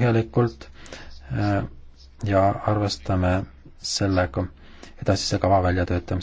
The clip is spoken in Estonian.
põhjalikult äh, ja arvestame sellega edasise kava väljatöötamisel.